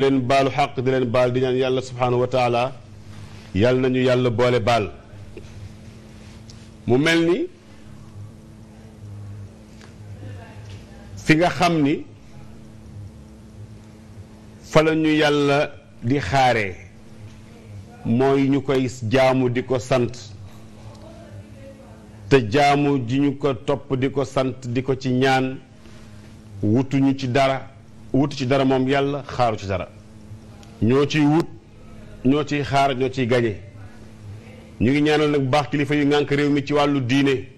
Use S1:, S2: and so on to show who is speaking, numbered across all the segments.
S1: leen baalu xaq di leen baal di ñaan yàlla subhaanahu wa taala yàlla nañu yàlla boole baal mu mel ni fi nga xam ni fa la ñu yàlla di xaare mooy ñu koy jaamu di ko sant te jaamu ji ñu ko topp di ko sant di ko ci ñaan wutuñu ci dara wutu ci dara moom yàlla xaaru ci dara ñoo ciy wut ñoo ciy xaar ñoo ciy gañe ñu ngi ñaanal nag baax kilifa yu ngànk réew mi ci wàllu diine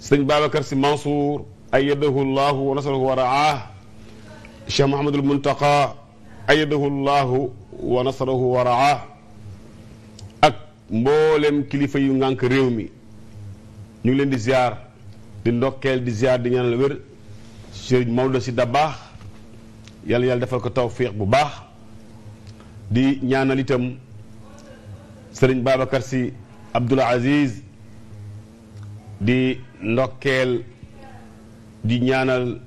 S1: sëñ Babacar si Mansour ayyadahu llahu wa nasarahu wa raah Cheikh Mouhamadul Muntaqa ak mboolem kilifa yu ngànk réew mi ñu ngi leen di ziar di ndokkeel di ziar di ñaanal wér sëriñ Maodo si da baax yàlla yàlla defal ko tawféex bu baax di ñaanal itam sëriñ Babacar si Abdoul Aziz di ndokkeel di ñaanal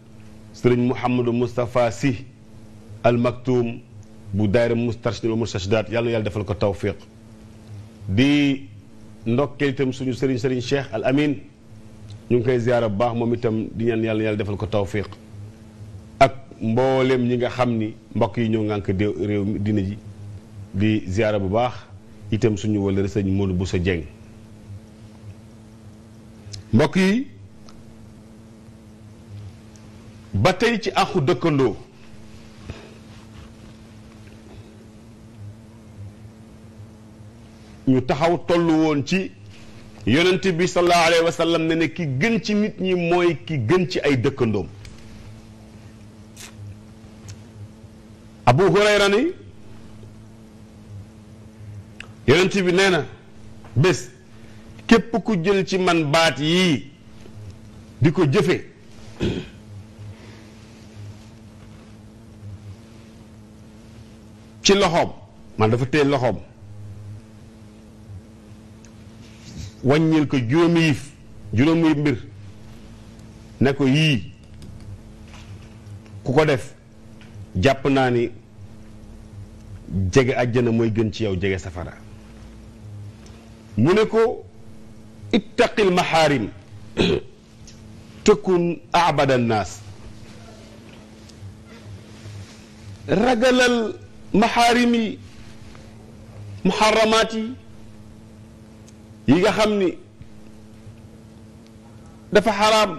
S1: sëriñ Mouhamadou Moustapha si al maktuum bu daayira mustarshidin wal mustarshidaat yàlla defal ko tawféex di ndokkeel itam suñu sëriñ sëriñ Cheikh al Amin. ñu ngi koy ziyaara bu baax moom itam di ñaan yàlla yàlla defal ko tawfiq ak mbooleem ñi nga xam ni mbokk yi ñoo ngànk déew réew mi dina ji di ziyaara bu baax itam suñu wala sëñ bu sa Dieng mbokk yi ba tey ci àqu dëkkandoo ñu taxaw tollu woon ci yonent bi sallallahu alayhi wa ne ne ki gën ci nit ñi mooy ki gën ci ay dëkkandoom abu hurayra ni yonent bi nee na bés képp ku jël ci man baat yi di ko jëfe ci loxoom man dafa téye loxoom wàññil ko juróomi yif juróomi mbir ne ko yii ku ko def jàpp naa ni jege àjjana mooy gën ci yow jege safara mu ne ko ittaqil maxaarim tëkkun abada naas ragalal maxaarim yi yi nga xam ni dafa xaraam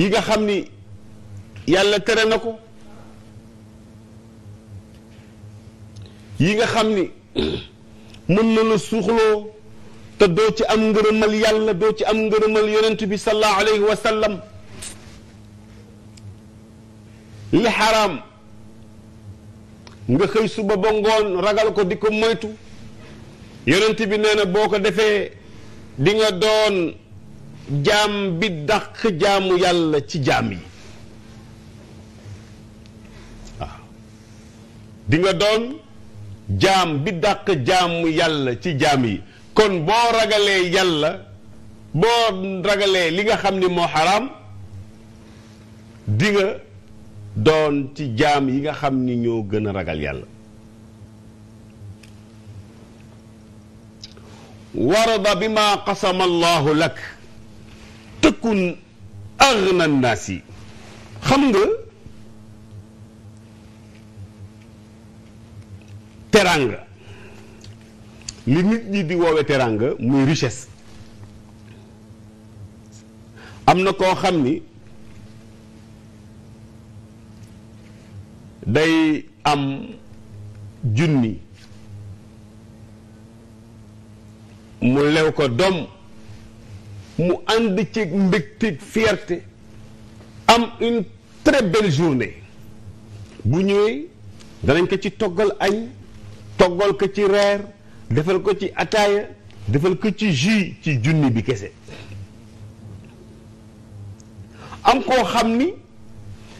S1: yi nga xam ni yàlla tere na ko yi nga xam ni mën na la suuxloo te doo ci am ngërëmal yàlla doo ci am ngërëmal yonent bi sallallahu alayhi wa li xaraam nga xëy suba ba ngoon ragal ko di ko moytu yonent bi nee na boo ko defee dinga doon jaam bi dàq yàlla ci jaam yi di nga doon jaam bi dàq jaamu yàlla ci jaam yi kon boo ragalee yàlla boo ragalee li nga xam ni moo xaraam di doon ci jaam yi nga xam ni ñoo gën a ragal yàlla warada bi ma qasama allahu lak tëkkun agna naas yi xam nga teranga li nit ñi di woowe teranga muy richesse am na koo xam ni day am junni mu lew ko doom mu ànd ci mbégteeg fierté am une très belle journée bu ñëwee danañ ko ci toggal añ toggal ko ci reer defal ko ci ataaya defal ko ci jus ci junni bi kese am koo xam ni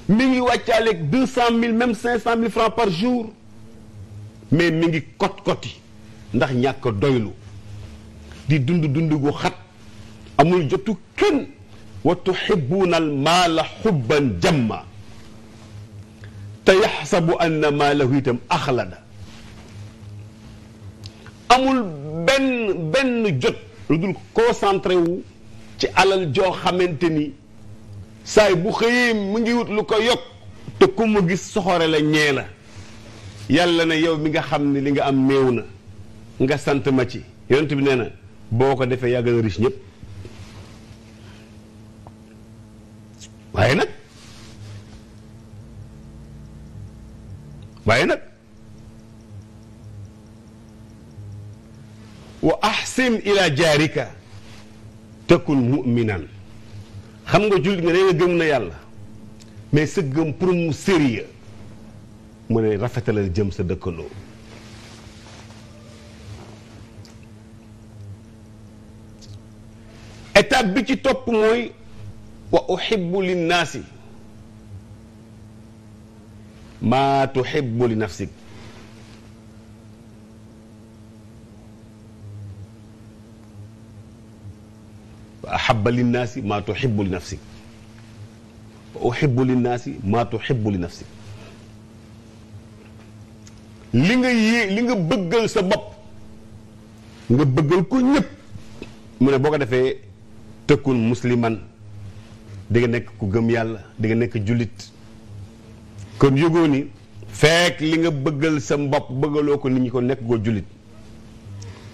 S1: mi ngi wàccaaleeg deux cent mille même cinq cent francs par jour mais mi ngi kot koti ndax ñàkk doylu di dund dund gu xat amul jotu kenn wa tuhibuuna al maala xubban jamma te yaxsabu anna maalahu itam axlada amul benn benn jot lu dul concentré ci alal joo xamante ni saay bu xëyee mu ngi wut lu ko yokk te ku mu gis soxore la ñee la yàlla na yow mi nga xam ne li nga am néew na nga sant ma ci yonent bi nee na boo ko defee yaa gën a riche waaye nag waaye nag wa ahsin ila jaarika takun muminan xam nga jullit nga nee nga gëm na yàlla mais sa gëm pour mu sérieux mu ne rafetalal jëm sa dëkkandoo étape bi ci topp mooy wa uhibbu linnaasi maa tuhibbu li nafsik ahabba linnaasi maa tuhibbu li nafsi wa uhibbu linnaasi maa tuhibbu li nafsi li nga yée li nga bëggal sa bopp nga bëggal ko ñëpp mu ne boo ko defee tëkkun musliman di nga nekk ku gëm yàlla di nekk julit kon yëgoo ni fekk li nga bëggal sa bopp bëggaloo ko nit ñi ko nekk goo julit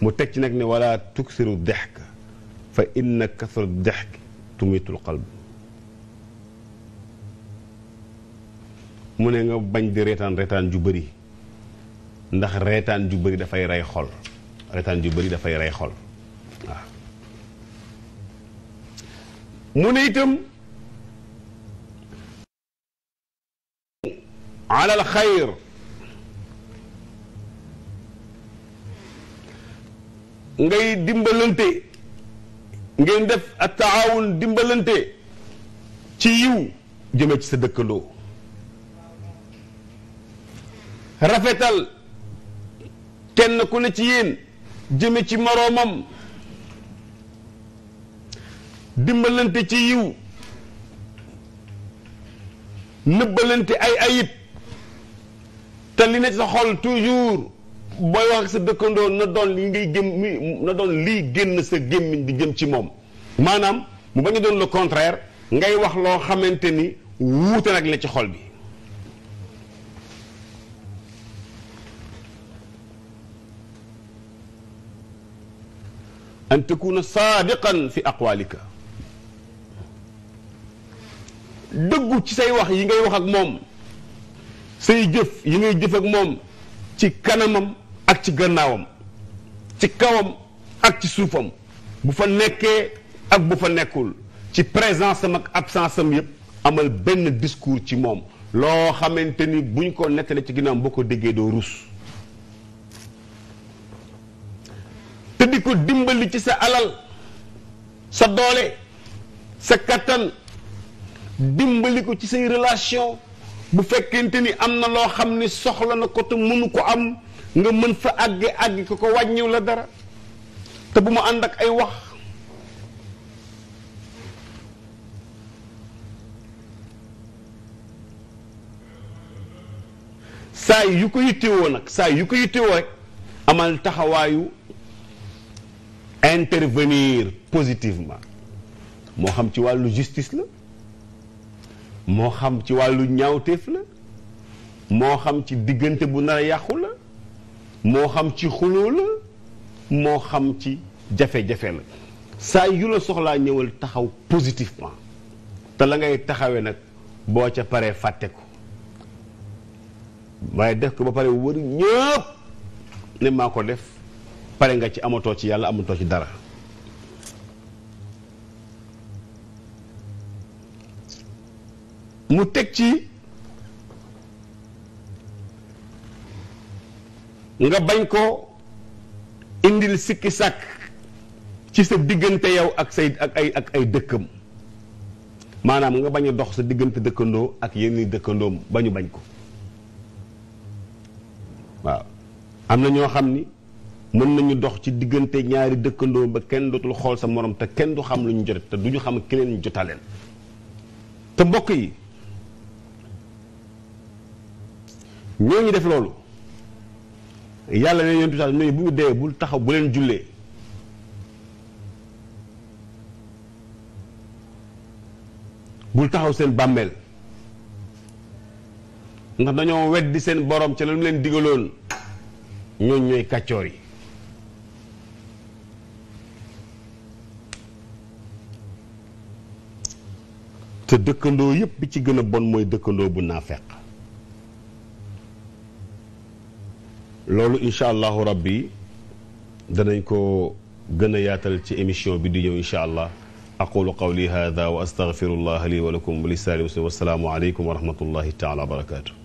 S1: mu teg ci nag ne wala tuksiru dexk fa na kasrat dexki tumitul qalb mu ne nga bañ di reetaan reetaan ju bëri ndax reetaan ju bëri dafay rey xol reetaan ju bëri dafay rey xol mu ne itam alal xayr ngay dimbalante ngeen def ak taawun dimbalante ci yiw jëmee ci sa dëkkandoo rafetal kenn ku ne ci yéen jëme ci moroomam dimbalante ci yiw nëbbalante ay ayib te li ne sa xol toujours booy wax sa dëkkandoon na doon li ngay gém na doon lii génn sa gémmiñ di jëm ci moom maanaam mu bañ doon le contraire ngay wax loo xamante ni wuute nag la ci xol bi an takuna saadiqan fi aqwalika dëggu ci say wax yi ngay wax ak moom say jëf yi ngay jëf ak moom ci kanamam ak ci gannaawam ci kawam ak ci suufam bu fa nekkee ak bu fa nekkul ci présence am ak absence am yëpp amal benn discours ci moom loo xamante ni buñ ko nekkalee ci ginnaaw boo ko déggee doo ruus te ko dimbali ci sa alal sa doole sa kattan dimbali ko ci say relation bu fekkente ni am na loo xam ni soxla na ko te mënu ko am nga mën fa àgge àgg ko ko wàññiw la dara te bu mu ànd ak ay wax saa yu ko yittewoo nag saa yu ko yittewoo rek amal taxawaayu intervenir positivement moo xam ci wàllu justice la moo xam ci wàllu ñaawteef la moo xam ci diggante bu nar a yàqu la moo xam ci xuloo la moo xam ci jafe-jafe la saa yu la soxlaa ñëwal taxaw positivement te la ngay taxawee nag boo ca paree fàtte ko waaye def ko ba pare wër ñëpp ne maa ko def pare nga ci amatoo ci yàlla amatoo ci dara mu teg ci nga bañ ko indil sikki sàkk ci sa diggante yow ak say ak ay ak ay dëkkam maanaam nga bañ a dox sa diggante dëkkandoo ak yenn dëkkandoom ba ñu bañ ko waaw am na ñoo xam ni mën nañu dox ci diggante ñaari dëkkandoo ba kenn dootul xool sa morom te kenn du xam lu ñu jot te du ñu xam ki leen jotaleen te mbokk yi ñoo ñu def loolu yàlla ne yonent bi sax bu ñu dee bul taxaw bu leen jullee bul taxaw seen bàmmeel ndax dañoo weddi seen borom ci la mu leen digaloon ñooñ ñooy kàccoor yi te dëkkandoo yépp bi ci gën a bon mooy dëkkandoo bu naafeq loolu incha allahu rabbi danañ ko gën a yaatal ci émission bi di ñëw incha allah aqulu qawli hada wa astaghfirullaha li wa lakum wa lisaani muslim wassalaamu aleykum wa rahmatullahi taala wa barakatuh